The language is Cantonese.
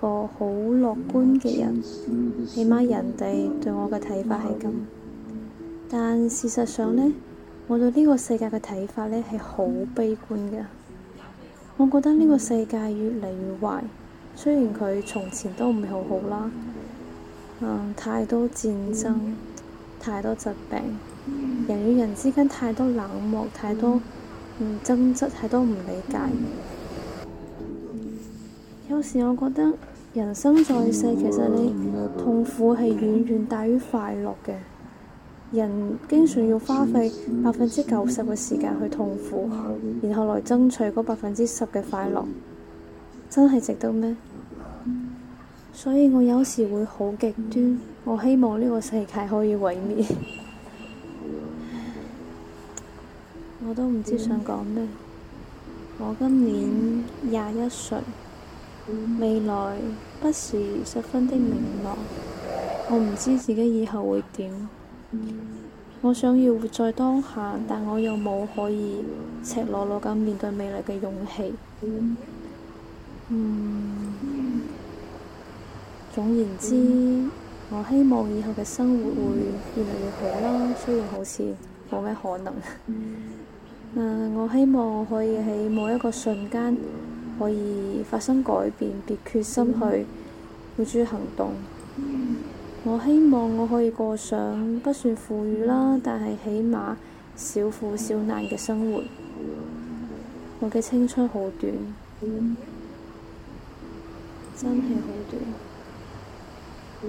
個好樂觀嘅人，起碼人哋對我嘅睇法係咁。但事實上呢，我對呢個世界嘅睇法呢係好悲觀㗎。我覺得呢個世界越嚟越壞，雖然佢從前都唔係好好啦，嗯，太多戰爭，太多疾病，人與人之間太多冷漠，太多唔爭執，太多唔理解。有時我覺得。人生在世，其實你痛苦係遠遠大於快樂嘅。人經常要花費百分之九十嘅時間去痛苦，然後來爭取嗰百分之十嘅快樂，真係值得咩？所以我有時會好極端，我希望呢個世界可以毀滅。我都唔知想講咩。我今年廿一歲。未來不是十分的明朗，嗯、我唔知自己以後會點、嗯。我想要活在當下，但我又冇可以赤裸裸咁面對未來嘅勇氣。嗯，嗯總言之、嗯，我希望以後嘅生活會越嚟越好啦。雖然好似冇咩可能、嗯 呃。我希望我可以喺某一個瞬間。可以發生改變，別決心去付諸行動。我希望我可以過上不算富裕啦，但係起碼少苦少難嘅生活。我嘅青春好短，真係好短。